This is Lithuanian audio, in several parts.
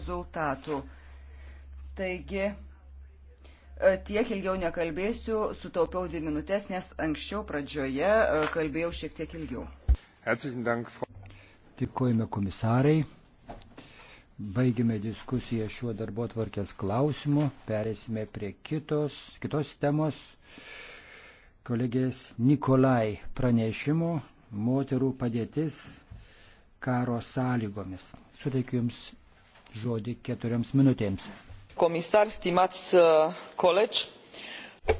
rezultatų. Taigi, e, tiek ilgiau nekalbėsiu, sutaupiau dvi minutės, nes anksčiau pradžioje e, kalbėjau šiek tiek ilgiau. Dėkojame komisarai. Baigime diskusiją šiuo darbo tvarkės klausimu, perėsime prie kitos, kitos temos. Kolegės Nikolai pranešimo moterų padėtis karo sąlygomis. Suteikiu Jums žodį keturioms minutėms. Komisar, stimats koleč. Uh,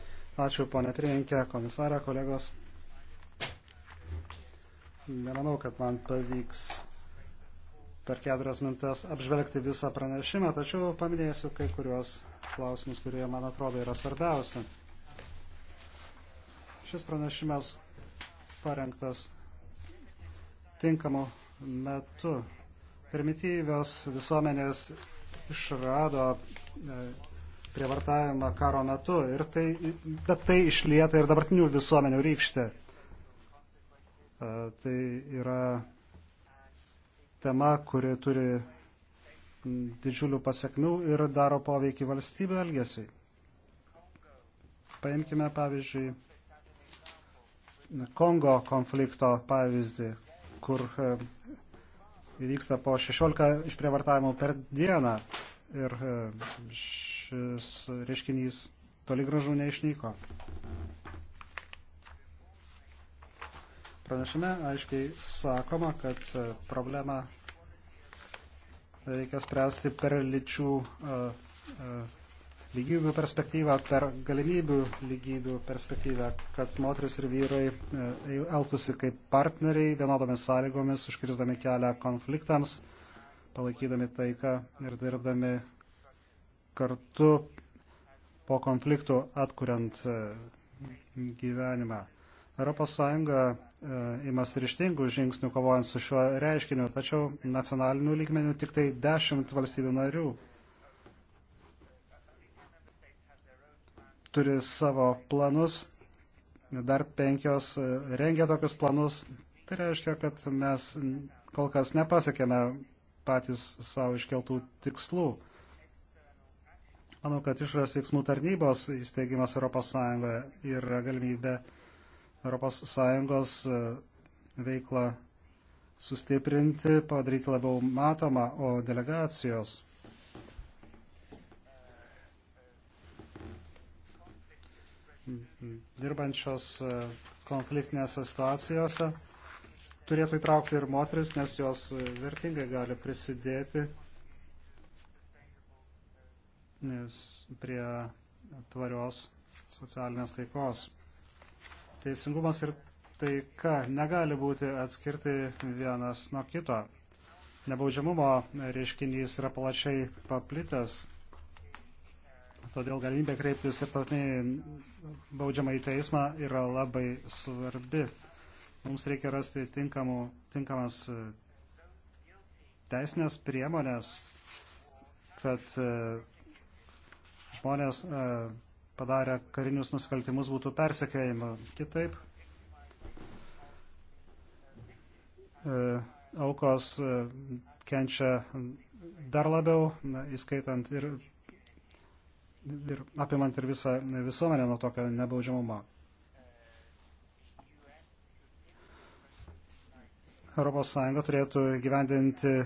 Ačiū, ponė Prieinkė, komisarė, kolegos. Nemanau, kad man pavyks per keturias mintas apžvelgti visą pranešimą, tačiau paminėsiu kai kuriuos klausimus, kurie man atrodo yra svarbiausi. Šis pranešimas parengtas tinkamu metu Primityvios visuomenės išrado e, prievartavimą karo metu, ir tai, bet tai išlieta ir dabartinių visuomenių rykštė. E, tai yra tema, kuri turi didžiulių pasiekmių ir daro poveikį valstybių elgesiai. Paimkime pavyzdžiui Kongo konflikto pavyzdį, kur e, įvyksta po 16 išprievartavimų per dieną ir e, šis reiškinys toli gražu neišnyko. Pranešime aiškiai sakoma, kad e, problemą reikia spręsti per lyčių e, lygybių perspektyvą, per galimybių lygybių perspektyvą, kad moteris ir vyrai e, elgtųsi kaip partneriai vienodomis sąlygomis, užkirzdami kelią konfliktams, palaikydami taiką ir dirbdami kartu po konfliktų atkuriant e, gyvenimą. ES e, imas ryštingų žingsnių kovojant su šiuo reiškiniu, tačiau nacionalinių lygmenių tik tai 10 valstybių narių turi savo planus, dar penkios e, rengia tokius planus. Tai reiškia, kad mes kol kas nepasiekėme patys savo iškeltų tikslų. Manau, kad išorės veiksmų tarnybos įsteigimas ES yra galimybė ES e, veiklą sustiprinti, padaryti labiau matomą, o delegacijos dirbančios e, konfliktinėse situacijose turėtų įtraukti ir moteris, nes jos e, vertingai gali prisidėti nes prie tvarios socialinės taikos. Teisingumas ir taika negali būti atskirti vienas nuo kito. Nebaudžiamumo reiškinys yra plačiai paplitęs Todėl galimybė kreiptis ir tarptautinį baudžiamą į teismą yra labai svarbi. Mums reikia rasti tinkamų, tinkamas e, teisinės priemonės, kad e, žmonės e, padarę karinius nusikaltimus būtų persekėjimo. Kitaip aukos kenčia dar labiau, na, įskaitant ir ir apimant ir visą visuomenę nuo tokio nebaudžiamumo. ES turėtų gyvendinti e,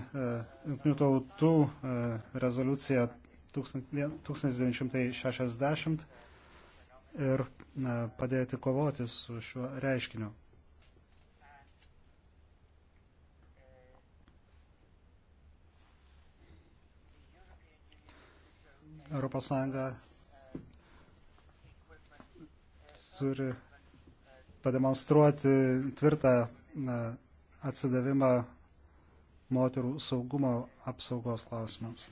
jungtinių tautų e, rezoliuciją 1960 ir e, padėti kovoti su šiuo reiškiniu. ES turi pademonstruoti tvirtą atsidavimą moterų saugumo apsaugos klausimams.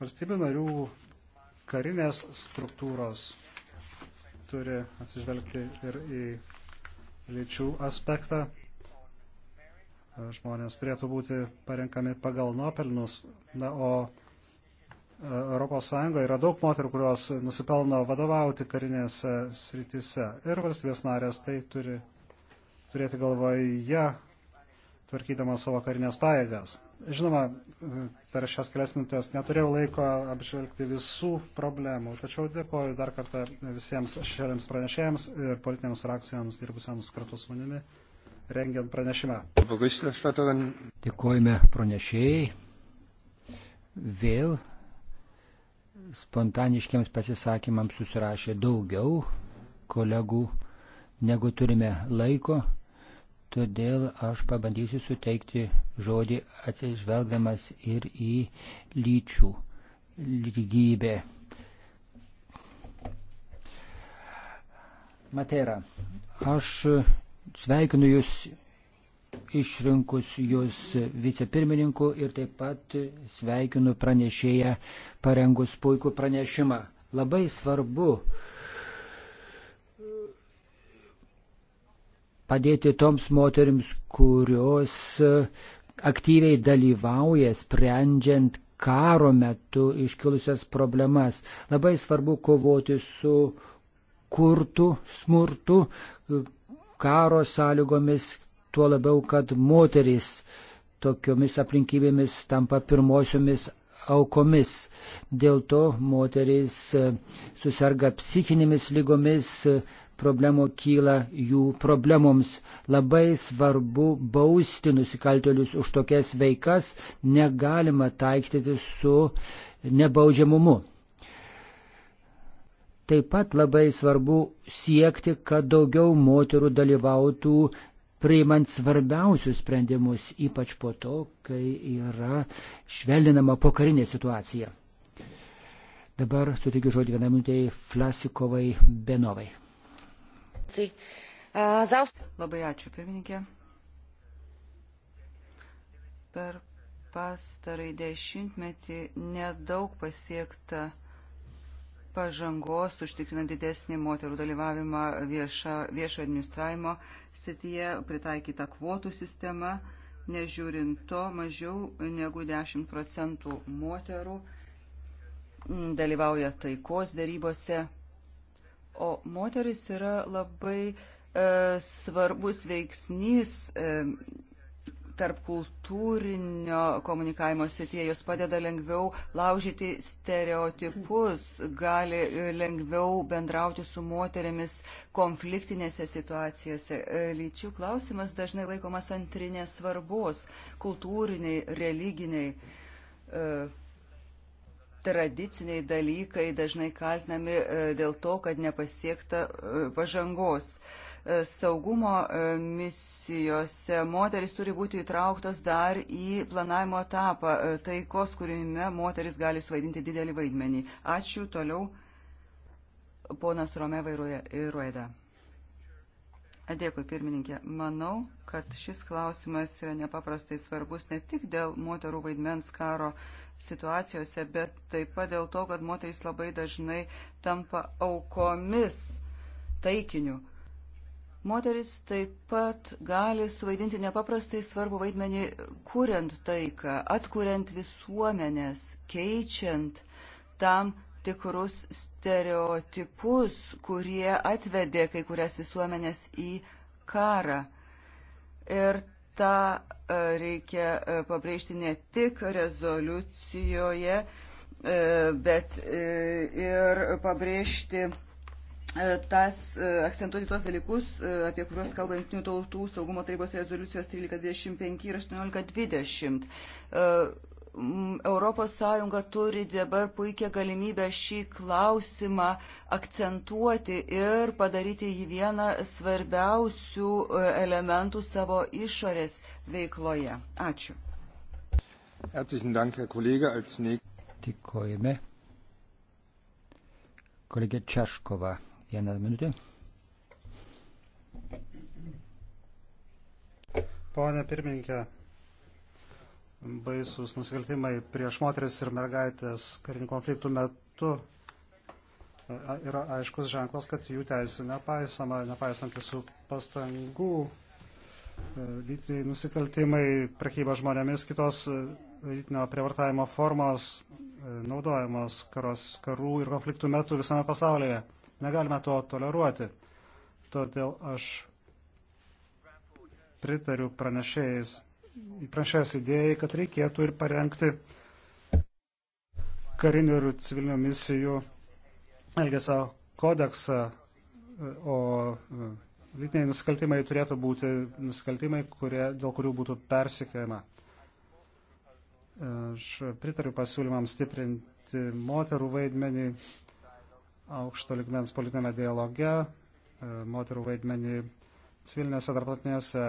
Valstybių narių karinės struktūros turi atsižvelgti ir į lyčių aspektą žmonės turėtų būti parenkami pagal nuopelnus. Na, o ES yra daug moterų, kurios nusipelno vadovauti karinėse srityse. Ir valstybės narės tai turi turėti galvoje, ja, tvarkydama savo karinės pajėgas. Žinoma, e, per šias kelias minutės neturėjau laiko apžvelgti visų problemų, tačiau dėkoju dar kartą visiems šešėliams pranešėjams ir politinėms frakcijoms dirbusiams kartu su manimi rengiant pranešimą. Dėkojame pranešėjai. Vėl spontaniškiams pasisakymams susirašė daugiau kolegų, negu turime laiko, todėl aš pabandysiu suteikti žodį atsižvelgdamas ir į lyčių lygybę. Matera, aš sveikinu Jūs išrinkus Jūs vicepirmininku ir taip pat sveikinu pranešėją parengus puikų pranešimą. Labai svarbu padėti toms moterims, kurios aktyviai dalyvauja sprendžiant karo metu iškilusias problemas. Labai svarbu kovoti su kurtu smurtu, karo sąlygomis, tuo labiau, kad moteris tokiomis aplinkybėmis tampa pirmosiomis aukomis. Dėl to moteris e, susirga psichinėmis lygomis, e, problemų kyla jų problemoms. Labai svarbu bausti nusikaltelius už tokias veikas, negalima taikstyti su nebaudžiamumu. Taip pat labai svarbu siekti, kad daugiau moterų dalyvautų priimant svarbiausius sprendimus, ypač po to, kai yra švelninama pokarinė situacija. Dabar sutikiu žodį vienam minutėjai Flasikovai Benovai. Labai ačiū, pirmininkė. Per pastarai dešimtmetį nedaug pasiekta pažangos užtikrinant didesnį moterų dalyvavimą vieša, viešo administravimo srityje, pritaikyta kvotų sistema, nežiūrint to, mažiau negu 10 procentų moterų dalyvauja taikos darybose, o moteris yra labai e, svarbus veiksnys e, tarp kultūrinio komunikavimo srityje, jos padeda lengviau laužyti stereotipus, gali lengviau bendrauti su moterimis konfliktinėse situacijose. E, lyčių klausimas dažnai laikomas antrinės svarbos kultūriniai, religiniai e, tradiciniai dalykai dažnai kaltinami e, dėl to, kad nepasiekta e, pažangos. E, saugumo misijose moteris turi būti įtrauktos dar į planavimo etapą taikos, kuriame moteris gali suvaidinti didelį vaidmenį. Ačiū toliau ponas Romeva ir Rueda. Dėkui, pirmininkė. Manau, kad šis klausimas yra nepaprastai svarbus ne tik dėl moterų vaidmens karo situacijose, bet taip pat dėl to, kad moteris labai dažnai tampa aukomis taikiniu. Moteris taip pat gali suvaidinti nepaprastai svarbu vaidmenį, kuriant taiką, atkuriant visuomenės, keičiant tam tikrus stereotipus, kurie atvedė kai kurias visuomenės į karą. Ir tą e, reikia e, pabrėžti ne tik rezoliucijoje, e, bet ir pabrėžti tas, akcentuoti tuos dalykus, apie kuriuos kalba Junktinių tautų saugumo tarybos rezoliucijos 1325 ir 1820. ES turi dabar puikią galimybę šį klausimą akcentuoti ir padaryti jį vieną svarbiausių e, elementų savo išorės veikloje. Ačiū. Dėkojame. Kolegė Češkova, vieną minutę. Pone pirmininkė, baisus nusikaltimai prieš moteris ir mergaitės karinių konfliktų metu yra aiškus ženklas, kad jų teisų nepaisama, nepaisant visų pastangų. E, lytiniai nusikaltimai, prekyba žmonėmis, kitos e, lytinio prievartavimo formos e, naudojamos karos, karų ir konfliktų metu visame pasaulyje. Negalime to toleruoti. Todėl aš pritariu pranešėjais pranešėjos idėjai, kad reikėtų ir parengti karinių ir civilinių misijų elgesio kodeksą, o e, lytiniai nusikaltimai turėtų būti nusikaltimai, kurie, dėl kurių būtų persikėjama. E, aš pritariu pasiūlymams stiprinti moterų vaidmenį aukšto ligmens politinėme dialoge, e, moterų vaidmenį civilinėse tarptautinėse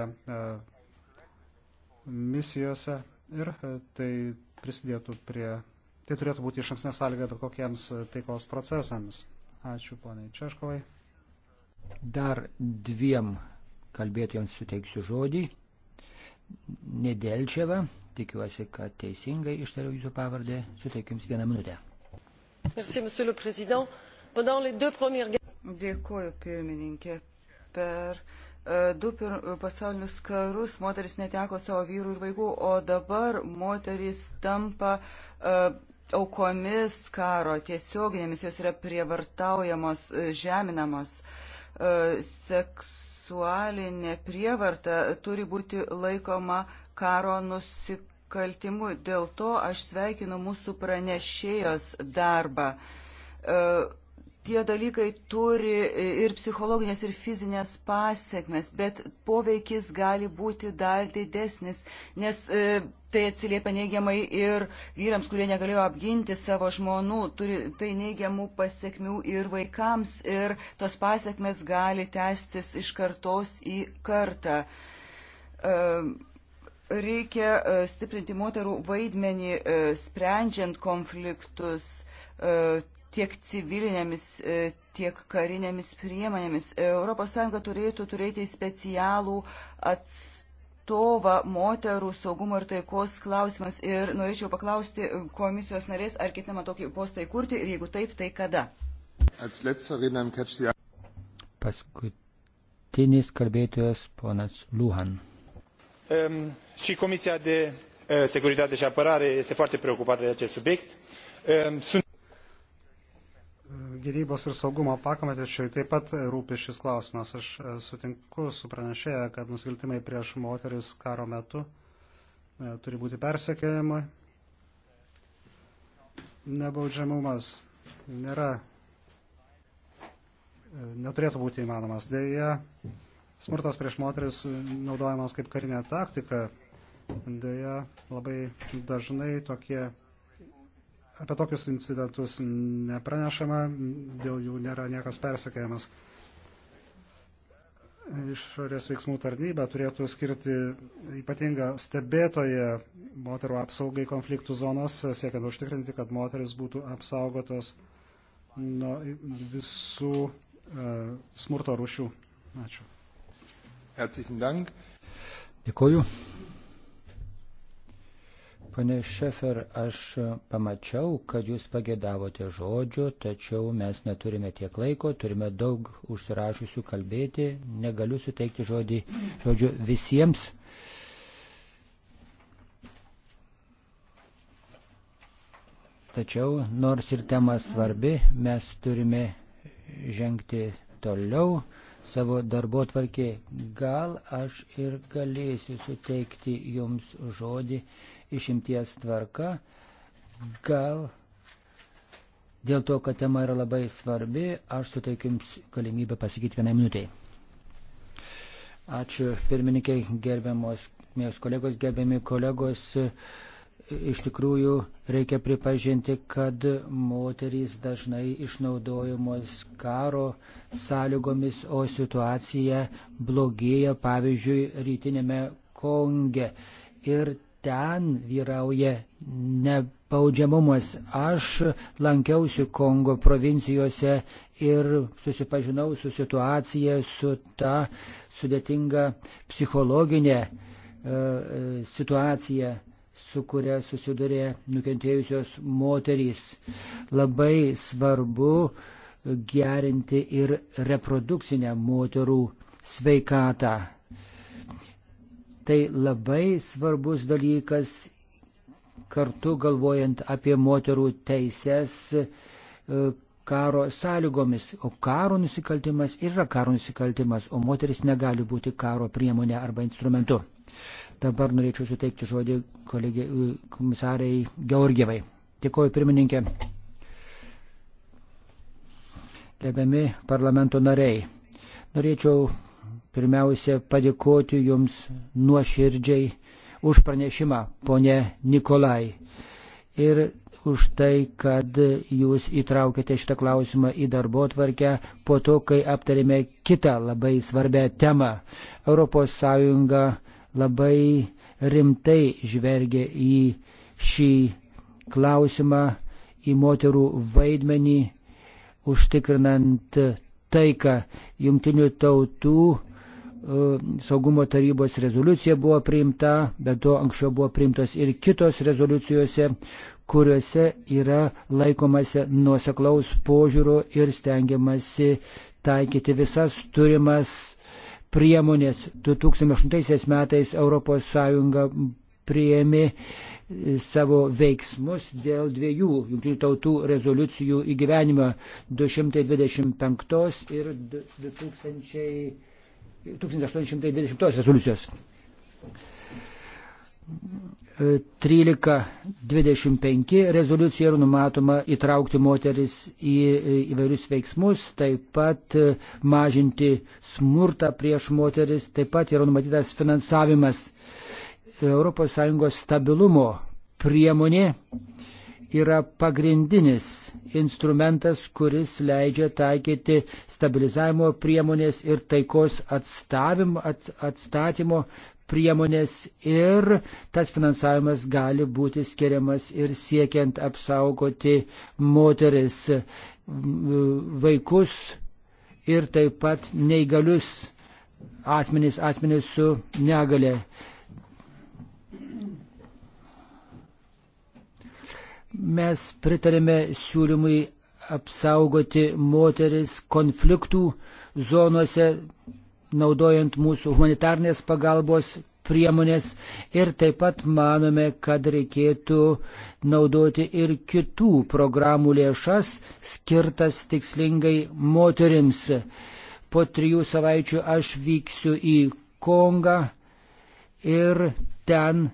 misijose ir e, tai prisidėtų prie, tai turėtų būti iš anksnė sąlyga bet kokiems e, taikos procesams. Ačiū poniai Češkovai. Dar dviem kalbėtojams suteiksiu žodį. Nedelčiava, tikiuosi, kad teisingai ištariau jūsų pavardę, suteikiu jums vieną minutę. Merci, monsieur le président. Pendant les deux premières guerres. Dėkuoju, pirmininkė. Per uh, E, du pasaulinius karus moteris neteko savo vyrų ir vaikų, o dabar moteris tampa e, aukomis karo tiesioginėmis, jos yra prievartaujamos, e, žeminamos. Seksualinė prievarta turi būti laikoma karo nusikaltimu. Dėl to aš sveikinu mūsų pranešėjos darbą tie dalykai turi e, ir psichologinės, ir fizinės pasiekmes, bet poveikis gali būti dar didesnis, nes e, tai atsiliepia neigiamai ir vyrams, kurie negalėjo apginti savo žmonų, turi tai neigiamų pasiekmių ir vaikams, ir tos pasiekmes gali tęstis iš kartos į kartą. E, reikia e, stiprinti moterų vaidmenį, e, sprendžiant konfliktus tiek civilinėmis, e, tiek karinėmis priemonėmis. ES turėtų turėti specialų atstovą moterų saugumo ir taikos klausimas. Ir norėčiau paklausti komisijos narės, ar ketinama tokį postą įkurti ir jeigu taip, tai kada. Paskutinis kalbėtojas ponas Luhan. Um, și Comisia de uh, Securitate și Apărare este foarte preocupată de acest subiect. Um, sunt gynybos ir saugumo pakametečiui taip pat rūpi šis klausimas. Aš e, sutinku su pranešėja, kad nusikaltimai prieš moteris karo metu e, turi būti persekėjimai. Nebaudžiamumas nėra, e, neturėtų būti įmanomas. Deja, smurtas prieš moteris naudojamas kaip karinė taktika. Deja, labai dažnai tokie apie tokius incidentus nepranešama, dėl jų nėra niekas persekėjamas. Išorės veiksmų tarnyba turėtų skirti ypatingą stebėtoją moterų apsaugai konfliktų zonos, siekiant užtikrinti, kad moteris būtų apsaugotos nuo visų uh, smurto rušių. Ačiū. Herzlichen Dank. Dėkuoju. Pane Šefer, aš pamačiau, kad jūs pagėdavote žodžio, tačiau mes neturime tiek laiko, turime daug užsirašusių kalbėti, negaliu suteikti žodį žodžio visiems. Tačiau, nors ir tema svarbi, mes turime žengti toliau savo darbo tvarkė. Gal aš ir galėsiu suteikti jums žodį išimties tvarka. Gal dėl to, kad tema yra labai svarbi, aš suteikiu Jums galimybę pasakyti vienai minutiai. Ačiū pirmininkai, gerbiamos, mės kolegos, gerbiami kolegos. Iš tikrųjų, reikia pripažinti, kad moterys dažnai išnaudojamos karo sąlygomis, o situacija blogėja, pavyzdžiui, rytinėme Konge. Ir ten vyrauja nebaudžiamumas. Aš lankiausi Kongo provincijose ir susipažinau su situacija, su ta sudėtinga psichologinė e, e situacija, su kuria susidurė nukentėjusios moterys. Labai svarbu gerinti ir reprodukcinę moterų sveikatą. Tai labai svarbus dalykas kartu galvojant apie moterų teises e, karo sąlygomis. O karo nusikaltimas yra karo nusikaltimas, o moteris negali būti karo priemonė arba instrumentu. Dabar norėčiau suteikti žodį kolegė, e, komisarai Georgievai. Dėkuoju pirmininkė. Gerbiami parlamento nariai, norėčiau pirmiausia padėkoti Jums nuoširdžiai už pranešimą, ponė Nikolai. Ir už tai, kad Jūs įtraukėte šitą klausimą į darbo tvarkę po to, kai aptarėme kitą labai svarbę temą. ES labai rimtai žvelgia į šį klausimą, į moterų vaidmenį, užtikrinant taiką. Jungtinių tautų e, saugumo tarybos rezoliucija buvo priimta, bet to anksčiau buvo priimtos ir kitos rezoliucijose, kuriuose yra laikomasi nuoseklaus požiūrio ir stengiamasi taikyti visas turimas priemonės. 2008 metais ES prieėmė e, savo veiksmus dėl dviejų jungtinių tautų rezoliucijų įgyvenimą 225 ir 2000, 1820 rezoliucijos. 1325 e, rezoliucija yra numatoma įtraukti moteris į e, įvairius veiksmus, taip pat mažinti smurtą prieš moteris, taip pat yra numatytas finansavimas ES stabilumo priemonė yra pagrindinis instrumentas, kuris leidžia taikyti stabilizavimo priemonės ir taikos atstavim, at, atstatymo priemonės ir tas finansavimas gali būti skiriamas ir siekiant apsaugoti moteris, vaikus ir taip pat neįgalius asmenys, asmenys su negale. Mes pritarėme siūlymui apsaugoti moteris konfliktų zonuose, naudojant mūsų humanitarnės pagalbos priemonės ir taip pat manome, kad reikėtų naudoti ir kitų programų lėšas skirtas tikslingai moterims. Po trijų savaičių aš vyksiu į Kongą ir ten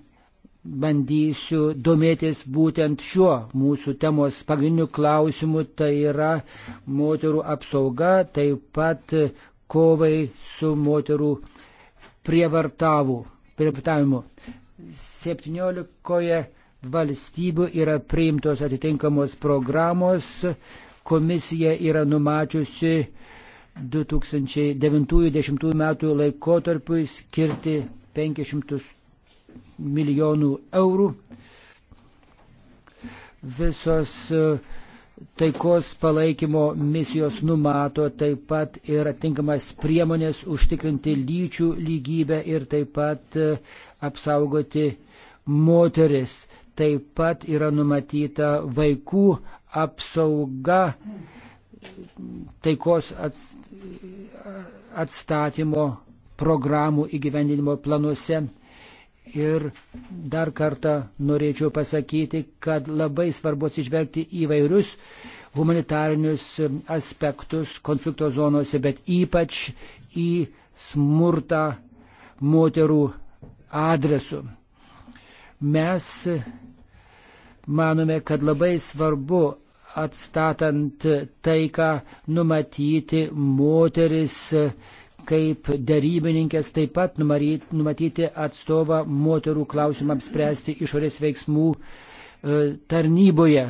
bandysiu domėtis būtent šiuo mūsų temos pagrindiniu klausimu, tai yra moterų apsauga, taip pat kovai su moterų prievartavimu. 17 valstybių yra priimtos atitinkamos programos, komisija yra numačiusi 2009-2010 metų laikotarpiui skirti 500 milijonų eurų. Visos e, taikos palaikymo misijos numato taip pat ir atinkamas priemonės užtikrinti lyčių lygybę ir taip pat e, apsaugoti moteris. Taip pat yra numatyta vaikų apsauga taikos atstatymo programų įgyvendinimo planuose Ir dar kartą norėčiau pasakyti, kad labai svarbu atsižvelgti įvairius humanitarinius aspektus konflikto zonose, bet ypač į smurtą moterų adresu. Mes manome, kad labai svarbu atstatant taiką numatyti moteris kaip darybininkės taip pat numatyti atstovą moterų klausimams spręsti išorės veiksmų e, tarnyboje.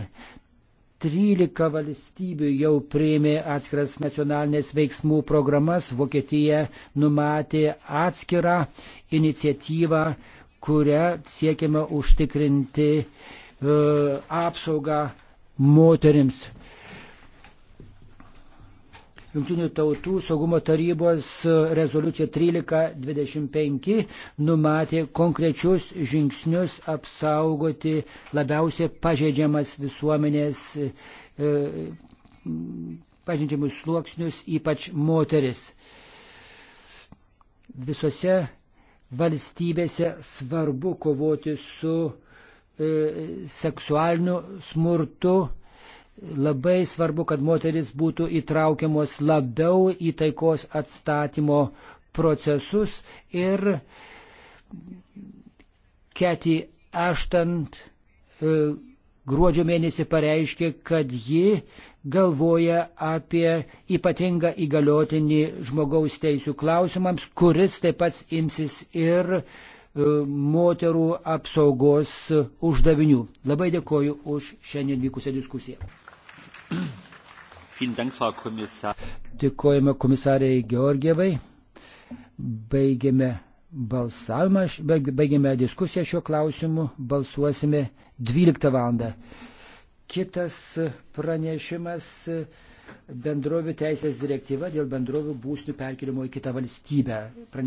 13 valstybių jau prieimė atskiras nacionalinės veiksmų programas, Vokietija numatė atskirą iniciatyvą, kuria siekiama užtikrinti e, apsaugą moterims. Junktinių tautų saugumo tarybos rezoliucija 1325 numatė konkrečius žingsnius apsaugoti labiausiai pažeidžiamas visuomenės e, pažeidžiamus sluoksnius, ypač moteris. Visose valstybėse svarbu kovoti su e, seksualiniu smurtu, Labai svarbu, kad moteris būtų įtraukiamos labiau į taikos atstatymo procesus ir Keti Aštant e, gruodžio mėnesį pareiškė, kad ji galvoja apie ypatingą įgaliotinį žmogaus teisų klausimams, kuris taip pat imsis ir e, moterų apsaugos uždavinių. Labai dėkoju už šiandien vykusią diskusiją. Dėkojame komisariai Georgievai. Baigėme balsavimą, baigėme diskusiją šiuo klausimu, balsuosime 12 val. Kitas pranešimas bendrovių teisės direktyva dėl bendrovių būstų perkelimo į kitą valstybę. Prane...